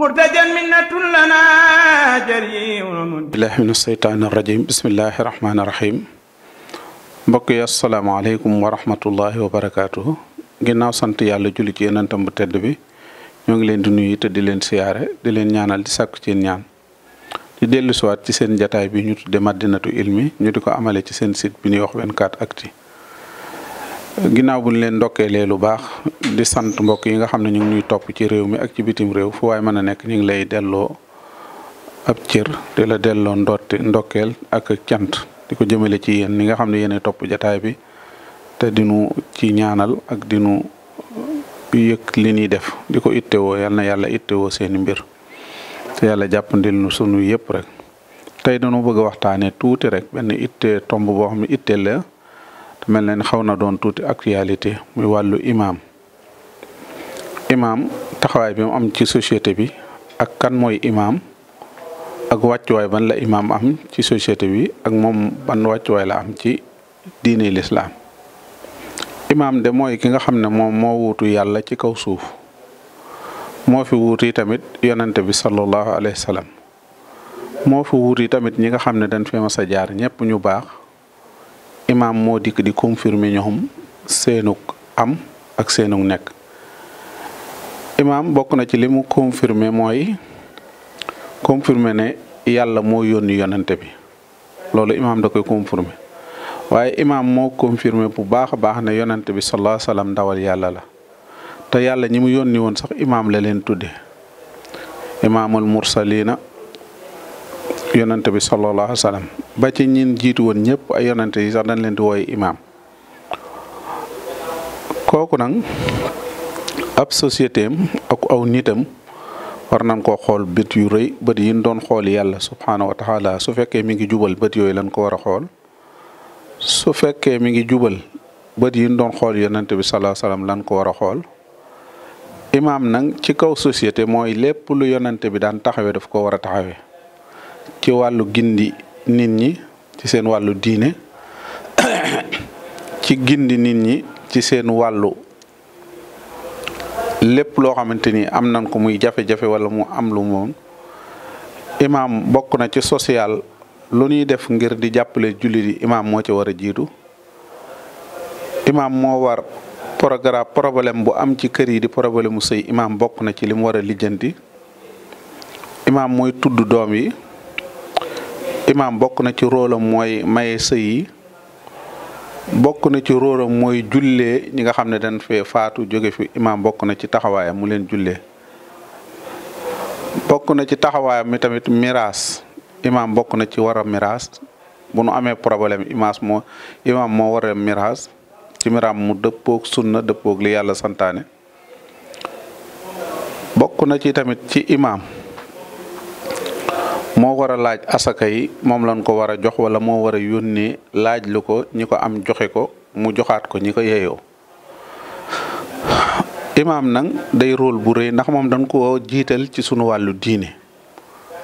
murtajan minnatun lana jariun billahi min asheytaani arrajim bismillahi rahmaani rahim mbokk yi asalaamaaleykum wa rahmatullahi ginnaaw sant yàlla julli ci yenantam bu tedd bi ñoo ngi leen di nuyu te di leen siyaare di leen ñaanal di sàkku ci ñaan di dellusiwaat ci seen jataay bi ñu tudde Madinatu Ilmi ñu di ko amale ci seen site bi ñuy wax 24actu ginnaaw buñ leen ndokkeelee lu baax di sant mbokk yi nga xam ne ñu ngi ñuy topp ci réew mi ak ci bitim réew fu waay mën a nekk ñu ngi lay delloo ab cër di la delloo ndotti ndokkeel ak cant di ko jëmale ci yéen ñi nga xam ne yéen topp jataay bi te dinu ci ñaanal ak dinu yëg li ñuy def di ko ittewoo yal na yàlla ittewoo seeni mbir te yàlla jàppandil nu sunu yëpp rek tey dañu bëgg a waxtaanee tuuti rek benn ittee tomb boo xam ne ittee la te mel ne xaw na doon tuuti actualité muy wàllu imaam imaam taxawaay bi am ci société bi ak kan mooy imaam ak wàccuwaay ban la imaam am ci société bi ak moom ban wàccuwaay la am ci diine lislaam imaam de mooy ki nga xam ne moom moo wuutu yàlla ci kaw suuf moo fi wuuti tamit yonante bi sallallahu alayhi wa sallam moo fi wuuti tamit ñi nga xam ne dañ fi mas jaar ñëpp ñu baax. imaam moo dikk di confirmer ñoom seenug am ak seenug nekk imaam bokk na ci li mu confirmer mooy confirmer ne yàlla moo yónni yonante bi loolu imaam da koy waaye imaam moo confirmer bu baax a baax na yonante bi sallallahu alayhi ndawal yàlla la te yàlla ñi mu woon sax imaam la leen tudde imaamul mursalina yonante bi sallallahu alayhi wa ba ci ñin jiitu woon ñëpp ay yonante yi sax dañ leen di wooy imaam kooku nag ab société ak aw nitam war nañ koo xool bët yu rëy bët yi ñu doon xool yàlla subhaanahu wa taala su fekkee mi ngi jubal bët yooyu lañ ko war a xool su fekkee mi ngi jubal bët yi ñu xool yonante bi sallallahu alayhi wa lañ ko war a xool imaam nag ci kaw société mooy lépp lu yonante bi daan taxawee daf ko war a taxawee ci wàllu gindi nit ñi ci seen wàllu diine ci gindi nit ñi ci seen wàllu lépp loo xamante ni am nañ ko muy jafe-jafe wala mu am lu moom imaam bokk na ci social lu ñuy def ngir di jàppale jullit yi imaam moo ci war a jiitu imaam moo war programme problème bu am ci kër yi di problème mu sëy imaam bokk na ci li mu war a lijjanti imaam mooy tudd doom yi. imaam bokk na ci róolam mooy maye sëy yi bokk na ci róolam mooy jullee ñi nga xam ne dañ fee faatu jóge fi imaam bokk na ci taxawaayam mu leen jullee bokk na ci taxawaayam mi tamit miraas imaam bokk na ci war a miraas bu nu amee problème imaas moo imaam moo miraas ci miraam mu dëppoog sunna dëppook li yàlla santaane bokk na ci tamit ci imaam moo war a laaj asaka yi moom lañ ko war a jox wala moo war a yónnee laaj lu ko ñi ko am joxe ko mu joxaat ko ñi ko yeeyoo imaam nag day rôle bu rëy ndax moom dañ koo jiital ci sunu wàllu diine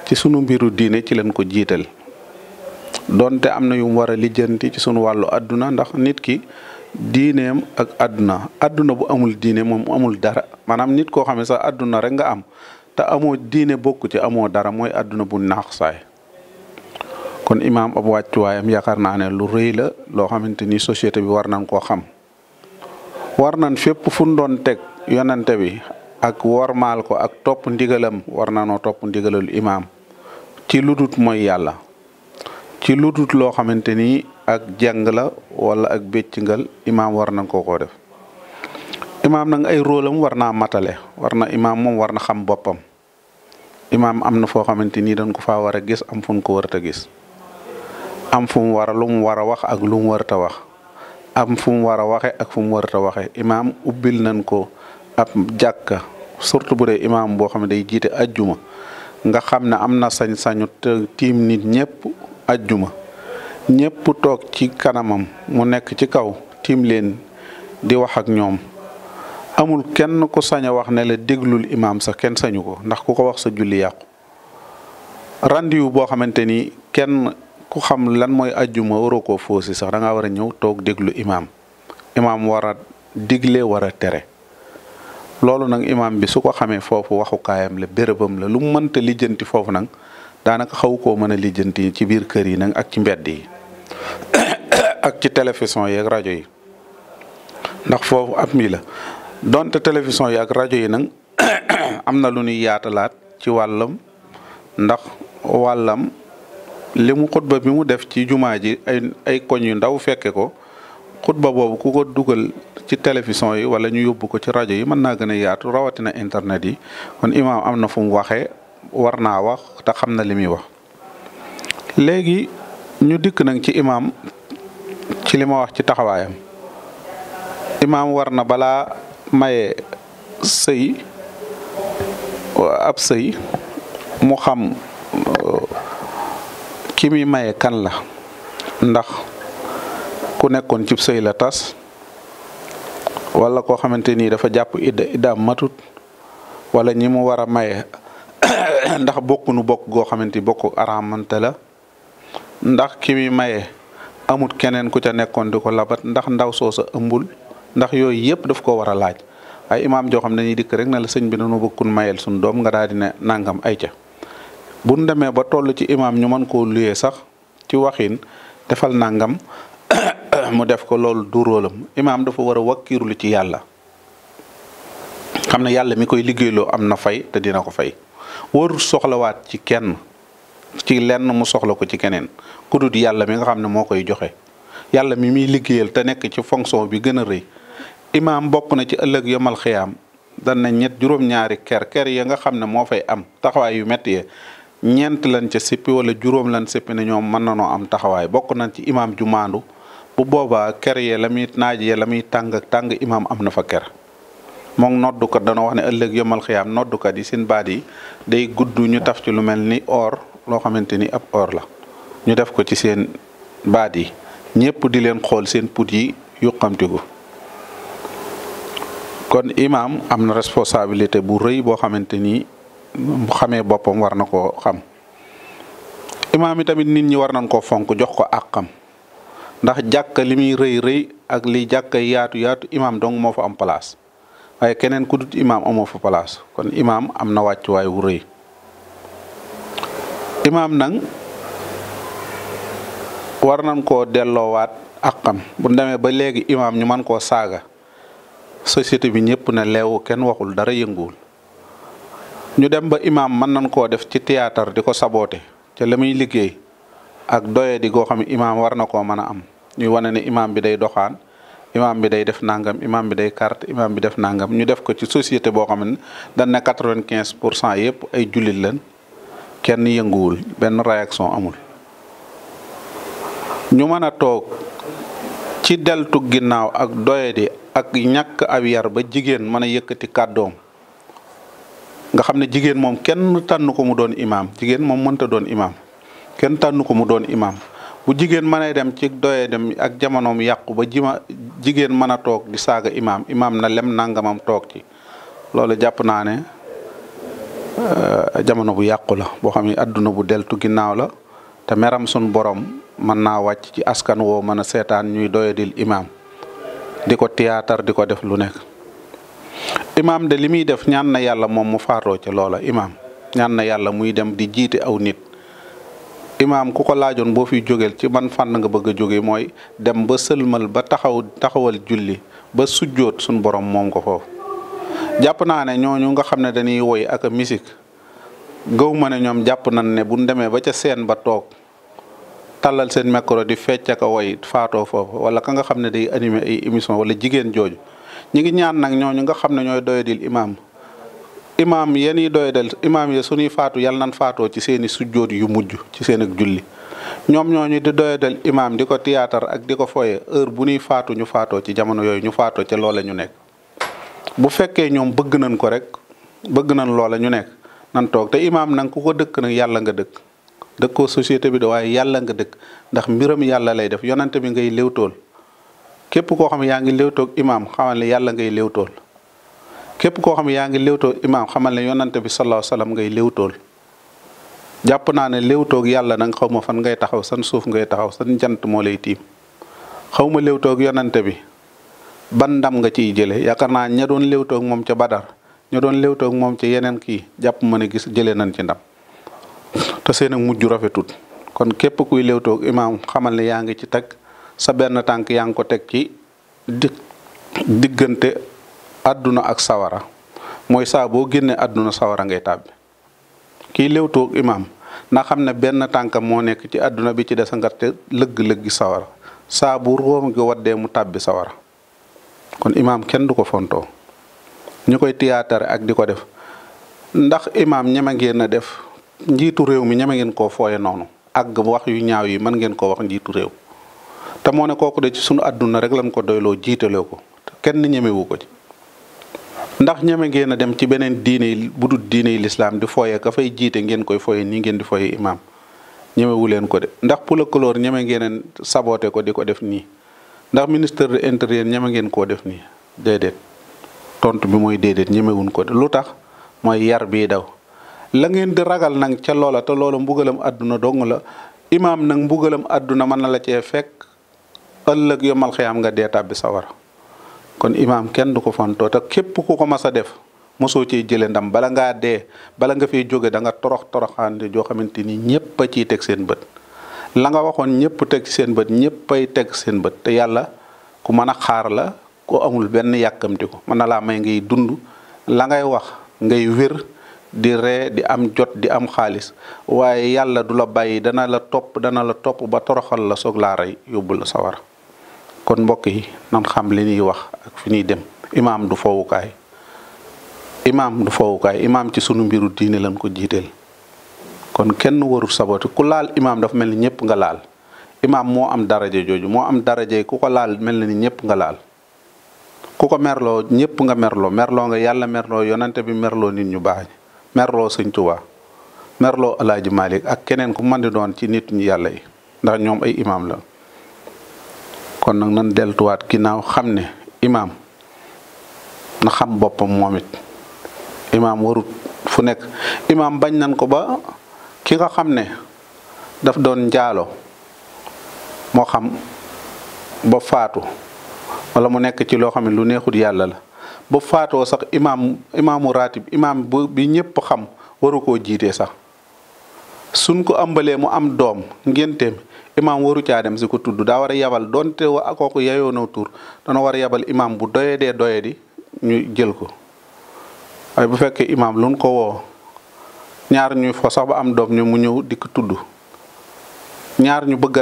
ci sunu mbiru diine ci lañ ko jiital donte am na yu mu war a lijjanti ci sunu wàllu àdduna ndax nit ki diineem ak àdduna àdduna bu amul diine moom amul dara maanaam nit koo xam ne sax àdduna rek nga am te amoo diine bokk ci amoo dara mooy àdduna bu naax saay kon imaam ab wàccuwaayam yaakaar naa ne lu rëy la loo xamante ni société bi war nañ koo xam war nañ fépp fu doon teg yonante bi ak wormaal ko ak topp ndigalam war na noo topp ndigalal imaam ci ludut mooy yàlla ci ludut loo xamante ni ak jàng la wala ak béccingal imaam war nañ koo koo def imaam nag ay rôlam war naa matale war na imaam moom war na xam boppam imaam am na foo xamante ni dañ ko fa war a gis am fu ñu ko warta gis am fum mu war a lu mu war a wax ak lum mu warta wax am fu mu war a waxe ak fu mu warta waxe imaam ubbil nañ ko ab jàkka surtout bu dee imaam boo xam ne day jiite ajjuma nga xam ne am na sañ-sañu tiim nit ñëpp ajjuma ñëpp toog ci kanamam mu nekk ci kaw tiim leen di wax ak ñoom amul kenn ku sañ a wax ne la déglul imaam sax kenn sañu ko ndax ku ko wax sa julli yàqu rendiwu boo xamante ni kenn ku xam lan mooy ajjuma waroo koo foosi sax da ngaa war a ñëw toog déglu imaam imaam war a digle war a tere loolu nag imaam bi su ko xamee foofu waxukaayam la bérébam la lu mu mënta lijjanti foofu nag daanaka xaw koo mën a lijjanti ci biir kër yi nag ak ci mbedd yi ak ci télévision yeeg rajo yi ndax foofu ab mi la donte télévision yi ak rajo yi nag am na lu ñuy yaatalaat ci wàllam ndax wàllam li mu xutba bi mu def ci jumaa ji ay ay koñ yu ndaw fekke ko xutba boobu ku ko dugal ci télévision yi wala ñu yóbbu ko ci rajo yi mën naa gën a yaatu rawatina internet yi kon imaam am na fu mu waxee war naa wax te xam na li muy wax léegi ñu dikk nag ci imam ci li wax ci taxawaayam imaam war na maye sëy ab sëy mu xam euh, ki muy maye kan la ndax ku nekkoon cib sëy la tas wala koo xamante nii dafa jàpp idda iddaam matut wala ñi mu war a maye ndax bokkunu bokk goo xamante ni bokk araamante la ndax ki muy maye amut keneen ku ca nekkoon di ko labat ndax ndaw soosa ëmbul ndax yooyu yëpp daf ko war a laaj ay imaam joo xam ne dañuy dikk rek ne la sëñ bi dañu bëggoon mayel suñu doom nga daa dina ne nangam ay ca bu ñu demee ba toll ci imaam ñu mën koo luyee sax ci waxin defal nangam mu def ko loolu du róolam imaam dafa war a wakkiirlu ci yàlla xam ne yàlla mi koy liggéeyloo am na fay te dina ko fay warul soxlawaat ci kenn ci lenn mu soxla ko ci keneen ku dut yàlla mi nga xam ne moo koy joxe yàlla mi muy liggéeyal te nekk ci fonction bi gën a rëy imaam bokk na ci ëllëg yomal xiyaam dan na ñett juróom-ñaari ker ker ya nga xam ne moo fay am taxawaay yu métti yee ñeent lan ca sippi wala juróom lan sippi ne ñoom mën na noo am taxawaay bokk nañ ci imaam ju maandu bu boobaa ker yee la muy naaj yee la tàng tàng imaam am na fa ker moom noddukat danoo wax ne ëllëg yomal xiyaam noddukat yi seen baat yi day gudd ñu taf ci lu mel ni or loo xamante ni ab or la ñu def ko ci seen baat yi ñëpp di leen xool seen put yi yuqamtiku kon imam am na responsabilité bu rëy boo xamante ni bu xamee boppam war na koo xam imaam yi tamit nit ñi war nañ koo fonk jox ko àqam ndax jàkka li muy rëy rëy ak li jàkka yaatu yaatu imam dong moo am place waaye keneen ku dut imaam amoo fa kon imaam am na wàccuwaay wu rëy imaam nag war nañ koo delloowaat àqam bu demee ba léegi imaam ñu man koo saaga société bi ñëpp na leewu kenn waxul dara yënguwul ñu dem ba imaam mën nañ koo def ci théâtre di ko saboote ca la muy liggéey ak doye di goo xam ne imaam war na koo mën a am ñuy wane ne imaam bi day doxaan imaam bi day def nangam imaam bi day carte imaam bi def nangam ñu def ko ci société boo xam ne dañ ne quatre-vingt-quinze pour cent yëpp ay jullit lañ kenn yënguwul benn réaction amul ñu mën toog ci deltu ginnaaw ak doye di ak ñàkk aw ba jigéen mën a yëkkati kàddoom nga xam ne jigéen moom kenn tànn ko mu doon imaam jigéen moom mënta doon imaam kenn tànn ko mu doon imaam bu jigéen mënee dem ci doyee dem ak mu yàqu ba jima jigéen mën a toog di saaga imaam imaam na lem nangamam toog ci loolu jàpp naa ne euh, jamono bu yàqu la boo xam ne adduna bu deltu ginnaaw la te meram sun borom mën naa wàcc ci askan woo mën a seetaan ñuy doyadil imaam di ko théâtre di ko def lu nekk imaam de li muy def ñaan yàlla moom mu faatoo ca loola imaam ñaan na yàlla muy dem di jiite aw nit imaam ku ko laajoon boo fi jógeel ci man fànn nga bëgg a jóge mooy dem ba sëlmal ba taxaw taxawal julli ba sujjoot suñ borom moom ko foofu jàpp naa ne ñooñu nga xam ne dañuy woy ak a misik gëw ma ne ñoom jàpp nañ ne buñ demee ba ca seen ba toog tàllal seen micro di fecc ak a woy faatoo foofu wala ka nga xam ne day animé ay émission wala jigéen jooju ñu ngi ñaan nag ñooñu nga xam ne ñooy doyadil imaam imaam yeni doyadal imaam ya suñuy faatu yàlla nan faatoo ci seen i sujjóot yu mujj ci seen ak julli ñoom ñooñu di doyadal imaam di ko théâtre ak di ko foye heure bu ñuy faatu ñu faatoo ci jamono yooyu ñu faatoo ca loola ñu nekk bu fekkee ñoom bëgg nañ ko rek bëgg nañ loola ñu nekk nan toog te imaam nag ku ko dëkk nag yàlla nga dëkk dëkkoo société bi de waaye yàlla nga dëkk ndax mbiram yàlla lay def yonante bi ngay léewtool képp koo xam ne yaa ngi léewtoog imaam xamal ne yàlla ngay léewtool képp koo xam ne yaa ngi léewtoog imaam xamal ne yonante bi sallallahu alayhi wasallam ngay léewtool jàpp naa ne léwtoog yàlla nag xaw ma fan ngay taxaw san suuf ngay taxaw san jant moo lay tiim xaw ma léewtoog yonante bi ban ndam nga ciy jële yaakaar naa ña doon léewtoog moom ca Badar ña doon léewtoog moom ci yeneen kii jàpp ma ne gis jëlee nañ ci ndam. te seen ak mujj rafetut kon képp kuy léewtoog imaam xamal ne yaa ngi ci teg sa benn tànk yaa ngi ko teg ci diggante àdduna ak sawara mooy saa boo génnee àdduna sawara ngay tàbbi kii léewtoog imaam na xam ne benn tànkam moo nekk ci àdduna bi ci des ngarte lëgg-lëggi sawara saabu bu róom gi waddee mu tàbbi sawara kon imaam kenn du ko fontoo ñu koy tiyaatare ak di ko def ndax imaam ñeme ngeen def njiitu réew mi ñeme ngeen koo fooye noonu ak wax yu ñaaw yi mën ngeen ko wax njiitu réew te moo ne kooku de ci sunu àdduna rek lañ ko doyloo jiitaloo ko kenn ñemewu ko ci ndax ñeme ngeen a dem ci beneen diine bu dul diine yi lislaam di fooye ka fay jiite ngeen koy fooye nii ngeen di fooye imaam ñemewu leen ko de ndax pulakaloor ñeme ngeen a saboté ko di ko def nii ndax ministre de l'intérieur ñeme ngeen koo def nii déedéet tontu bi mooy déedéet ñemewuñ ko de lu tax mooy yar bii daw la ngeen di ragal nag ca loola te loola mbugalam àdduna dong la imaam nag mbugalam àdduna mën na la cee fekk ëllëg yomal xiyaam nga dee tàbbi sawara kon imaam kenn du ko fantoo te képp ku ko mas a def mosoo ciy jële ndam bala ngaa dee bala nga fiy jóge da nga torox toroxaande joo xamante ni ñëpp ciy teg seen bët la nga waxoon ñëpp teg seen bët ñëppay teg seen bët te yàlla ku mën a xaar la ko amul benn yàkkamti ko mën may ngay dund la wax ngay di ree di am jot di am xaalis waaye yàlla du la bàyyi dana la topp dana la topp ba toroxal la soog laa rey yóbbu sawar kon mbokk yi nan xam li ñuy wax ak fi ñuy dem imaam du fawukaay imam du fowukaay imaam ci sunu mbiru diine lañ ko jiiteel kon kenn warul sabote ku laal imam dafa mel ni ñëpp nga laal imam moo am daraje jooju moo am daraje ku ko laal mel na ni ñëpp nga laal ku ko merloo ñëpp nga merloo merloo nga yàlla merloo yonante bi merloo nit ñu baax merloo sëñ Tuubaa merloo alaaji Malik ak keneen ku mën doon ci nit ñi yàlla yi ndax ñoom ay imaam la kon nag nan deltuwaat ginnaaw xam ne imaam na xam boppam moom it imaam warut fu nekk imaam bañ nañ ko ba ki nga xam ne daf doon njaalo moo xam ba faatu wala mu nekk ci loo xam ne lu neexut yàlla la ba faatoo sax imaam imaamu ratib imaam bu bi xam waru koo jiitee sax suñ ko ëmbalee mu am doom ngénteem imaam waru caa dem si ko tudd daa war a yabal donte wa kooku yayoo na dana war a yabal imaam bu doyedee doye di ñu jël ko waaye bu fekkee imaam luñ ko woo ñaar ñuy fo sax ba am doom ñu mu ñëw di tudd ñaar ñu bëgg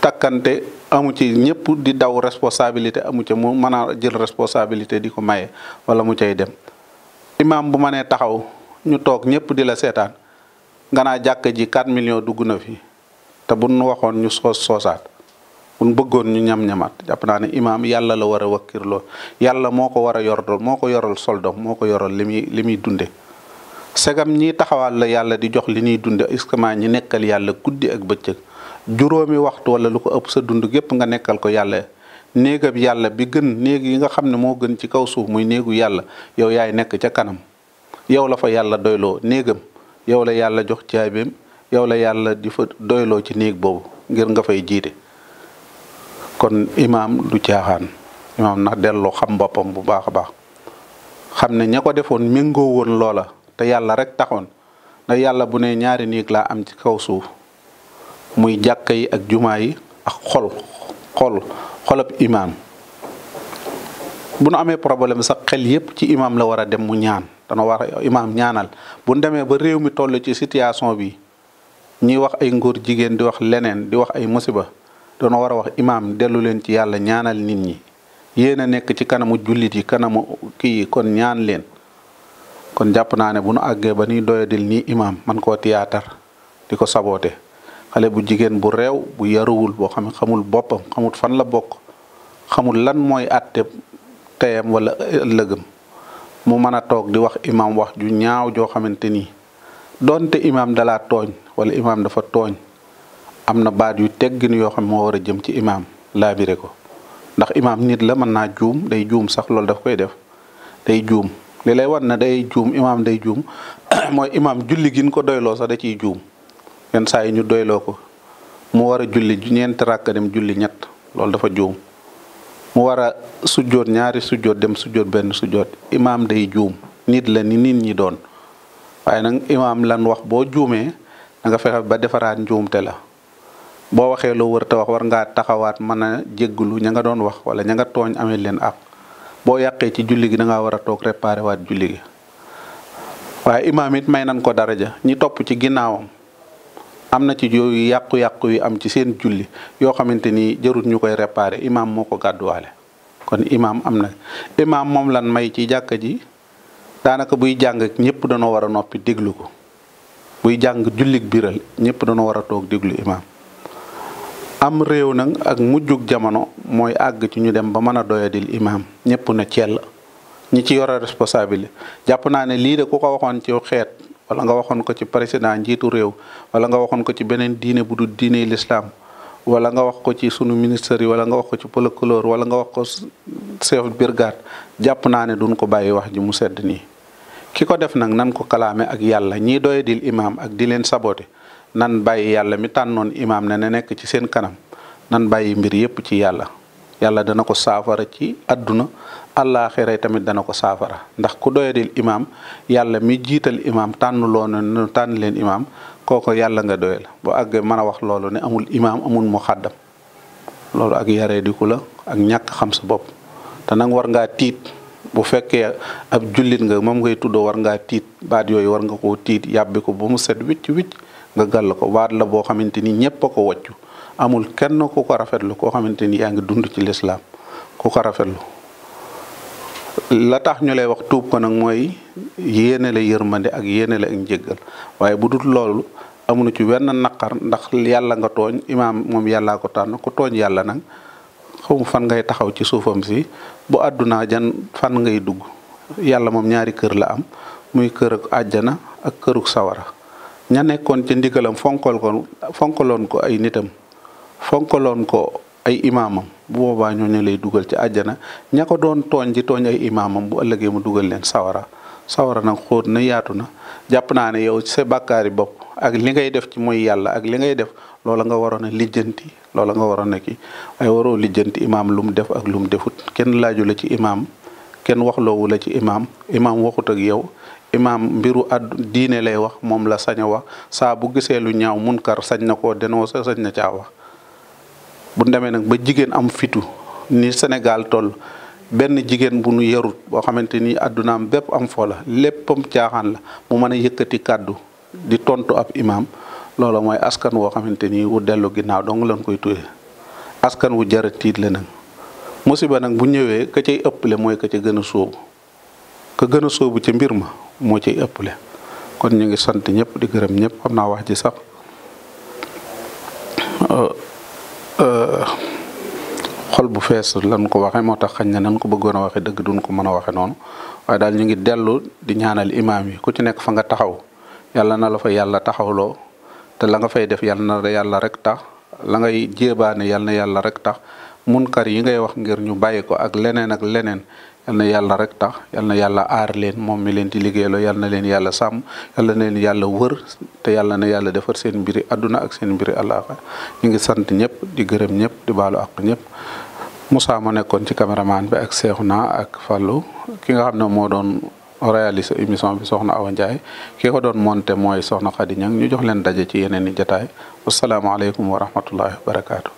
takkante amu ci ñëpp di daw responsabilité amu ca mu mën a jël responsabilité di ko maye wala mu cay dem imaam bu manee taxaw ñu toog ñëpp di la seetaan nga naa jàkk ji 4 million dugg na fi te bu nu waxoon ñu soos soosaat bu nu bëggoon ñu ñam-ñamaat jàpp naa ne imaam yàlla la war a wakkirloo yàlla moo ko war a yor moo ko yoral soldom moo ko yoral li muy li muy dunde segam ñi taxawaal la yàlla di jox li ñuy dunde est-ce ñi nekkal yàlla guddi ak bëccëg juróomi waxtu wala lu ko ëpp sa dund gépp nga nekkal ko yàlla néegam yàlla bi gën néeg yi nga xam ne moo gën ci kaw suuf muy néegu yàlla yow yaay nekk ca kanam yow la fa yàlla doyloo néegam yow la yàlla jox caabeem yow la yàlla di fa doyloo ci néeg boobu ngir nga fay jiite kon imaam du caaxaan imaam na delloo xam boppam bu baax a baax xam ne ña ko defoon méngoo woon loola te yàlla rek taxoon na yàlla bu ne ñaari néeg laa am ci kaw suuf muy jàkka yi ak jumaa yi ak xol xol xolab imaam bu nu amee problème sax xel yépp ci imaam la war a dem mu ñaan dana war a imaam ñaanal bu nu demee ba réew mi toll ci situation bi ñuy wax ay ngóor jigéen di wax leneen di wax ay musiba dana war a wax imaam dellu leen ci yàlla ñaanal nit ñi yéen a nekk ci kanamu jullit yi kanamu kii kon ñaan leen kon jàpp naa ne bu nu àggee ba nuy doyadil nii imaam man koo tiyaatar di ko saboote xale bu jigéen bu réew bu yaruwul boo xam ne xamul boppam xamul fan la bokk xamul lan mooy àtte teyam wala ëllëgam mu mën a toog di wax imam wax ju ñaaw joo xamante ni doonte imaam dalaa tooñ wala imaam dafa tooñ am na baat yu teggin yoo xam moo war a jëm ci imaam laabire ko ndax imaam nit la mën naa juum day juum sax loolu daf koy def day juum li lay wan na day juum imaam day juum mooy imaam julli gin ko doyloo sax da ciy juum yenn saa yi ñu doyloo ko mu war a julli ñeenti ràkk dem julli ñett loolu dafa juum mu war a sujjoot ñaari sujjoot dem sujjoot benn sujjoot imaam day juum nit la ni nit ñi doon waaye nag imaam lan wax boo juumee da fexe ba defaraat njuumte la boo waxee loo wër te wax war ngaa taxawaat mën a ña nga doon wax wala ña nga tooñ amee leen àq boo yàqee ci julli gi da ngaa war a toog réparé waat julli gi waaye imaam it may nan ko daraja ñi topp ci ginnaawam am na ci yooyu yàqu-yàqu yu am ci seen julli yoo xamante ni jarut ñu koy réparé imaam moo ko gàdduwaale kon imaam am na imaam moom lan may ci jàkka ji daanaka buy jàng ñëpp danoo war a noppi déglu ko buy jàng jullik biral ñëpp danoo war a toog déglu imaam am réew nag ak mujjug jamono mooy àgg ci ñu dem ba mën a doyadil imaam ñëpp na cell ñi ci yore responsabilité jàpp naa ne lii de ku ko waxoon ci xeet wala nga waxoon ko ci président njiitu réew wala nga waxoon ko ci beneen diine bu dul diine l'islam wala nga wax ko ci sunu ministère yi wala nga wax ko ci pëlëkëloor wala nga wax ko chef brigade jàpp naa ne duñ ko bàyyi wax ji mu sedd nii ki ko def nag nan ko kalaame ak yàlla ñii doye dil imaam ak di leen sabote nan bàyyi yàlla mi tànnoon imaam ne na nekk ci seen kanam nan bàyyi mbir yépp ci yàlla yàlla dana ko saafara ci àdduna àllaaxira tamit dana ko saafara ndax ku doyadil imaam yàlla mi jiital imaam tànn na ne tànn leen imaam kooko yàlla nga doyal boo àggee mën a wax loolu ne amul imaam amul mu xàddam loolu ak yaree diku la ak ñakk xam sa bopp te nag war ngaa tiit bu fekkee ab jullit nga moom ngay tuddoo war ngaa tiit baat yooyu war nga koo tiit yàbbi ko ba mu set wicc wicc nga gàll ko baat la boo xamante ni ñépp ko wàccu amul kenn ku ko rafetlu koo xamante ni yaa ngi dund ci lislaam ku ko rafetlu la tax ñu lay wax tuub ko nag mooy yéene la yërmande ak yéene la ak waaye bu dul loolu amuñu ci wenn naqar ndax yàlla nga tooñ imaam moom yàllaa ko tànn ku tooñ yàlla nag xamu fan ngay taxaw ci suufam si bu àdduna jan fan ngay dugg yàlla moom ñaari kër la am muy kër ak àjjana ak këruk sawara ña nekkoon ci ndigalam fonkal ko fonkaloon ko ay nitam fonkaloon ko ay imaamam bu boobaa ñooñu lay dugal ci àjjana ñako doon tooñ ji tooñ ay imaamam bu ëllëgee mu dugal leen sawara sawara nag xóot na yaatu na jàpp naa ne yow sa bàkkaari bopp ak li ngay def ci mooy yàlla ak li ngay def loola nga waroon lijjanti loola nga waroon a kii waaye waroo lijjanti imaam lu mu def ak lu mu defut kenn laaju la ci imaam kenn waxloowu la ci imaam imaam waxut ak yow imaam mbiru addu diine lay wax moom la sañ wax saa bu gisee lu ñaaw munkar sañ na koo dénoncer sañ na caa bu demee nag ba jigéen am fitu ni Sénégal toll benn jigéen bu nu yarut boo xamante ni addunaam bépp am foo la léppam caaxaan la mu mën a yëkkati kàddu di tontu ab imam loolo mooy askan woo xamante ni wu dellu ginnaaw dong lañ koy tuyee askan wu jar a tiit la nag musiba nag bu ñëwee ka cay ëpple mooy ka ca gën a sóobu ka gën a sóobu ca mbir ma moo cay ëpple kon ñu ngi sant ñëpp di gërëm ñépp xam naa wax ji sax xol bu fees lan ko waxe moo tax xañ na nan ko bëggoon waxe dëgg duñ ko mën waxe noonu waaye daal ñu ngi dellu di ñaanal imaam yi ku ci nekk fa nga taxaw yàlla na la fa yàlla taxawloo te la nga fay def yàlla na yàlla rek tax la ngay jéebaane yàlla na yàlla rek tax munkar yi ngay wax ngir ñu bàyyi ko ak leneen ak leneen yal na yàlla rek tax yal na yàlla aar leen moom mi leen di liggéeyloo yal na leen yàlla sàmm yal na leen yàlla wër te yàlla na yàlla defar seen mbiri àdduna ak seen mbiri àllaaxa ñu ngi sant ñëpp di gërëm ñëpp Moussa ma nekkoon ci caméraman bi ak Seexuna ak Fallou ki nga xam ne moo doon réaliser émission bi soxna Awa Ndiaye ki ko doon monter mooy soxna Khady Niang ñu jox leen daje ci yeneen i jotaay wasalaamaaleykum wa rahmatullahi wa barakaatu.